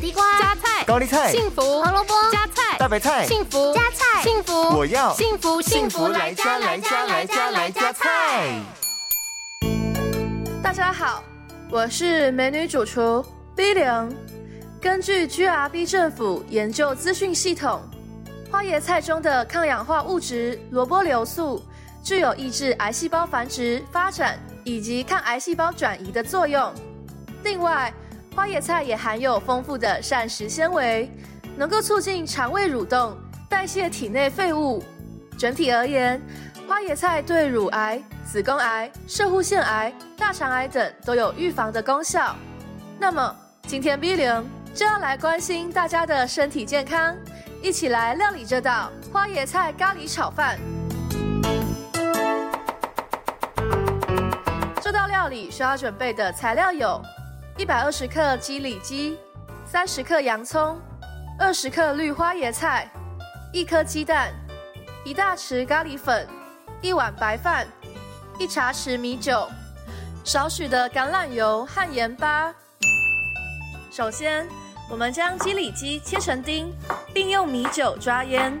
地瓜，加菜，高麗菜，幸福；紅蘿蔔，加菜，大白菜，幸福；加菜，幸福。我要幸福，幸福來加，來加，來加，來加菜。大家好，我是美女主廚 B 零。根據 GRB 政府研究資訊系統，花椰菜中的抗氧化物質蘿蔔硫素，具有抑制癌細胞繁殖、發展以及抗癌細胞轉移的作用。另外，花椰菜也含有豐富的膳食纖維，能夠促進腸胃蠕動、代謝體內廢物。整體而言，花椰菜對乳癌、子宮癌、攝護腺癌、大腸癌等都有預防的功效。那麼，今天威廉就要來關心大家的身體健康，一起來料理這道花椰菜咖喱炒飯。這道料理需要準備的材料有。一百二十克雞里肌，三十克洋蔥，二十克綠花椰菜，一顆雞蛋，一大匙咖喱粉，一碗白飯，一茶匙米酒，少許的橄欖油和鹽巴。首先，我們將雞里肌切成丁，並用米酒抓醃，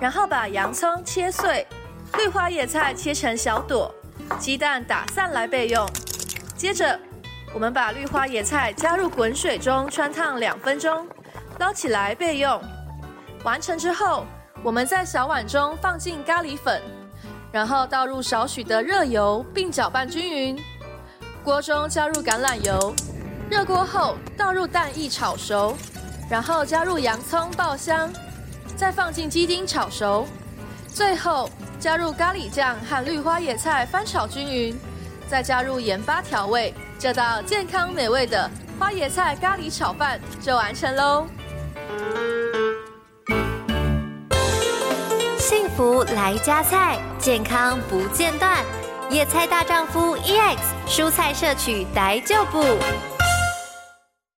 然後把洋蔥切碎，綠花椰菜切成小朵，雞蛋打散來備用。接着。我們把綠花椰菜加入滾水中汆燙兩分鐘，撈起來備用。完成之後，我們在小碗中放進咖喱粉，然後倒入少許的熱油並攪拌均勻。鍋中加入橄欖油，熱鍋後倒入蛋液炒熟，然後加入洋蔥爆香，再放進雞丁炒熟，最後加入咖喱醬和綠花椰菜翻炒均勻，再加入鹽巴調味。這道健康美味的花椰菜咖喱炒飯就完成嘍！幸福來加菜，健康不間斷，野菜大丈夫 EX，蔬菜攝取來就補。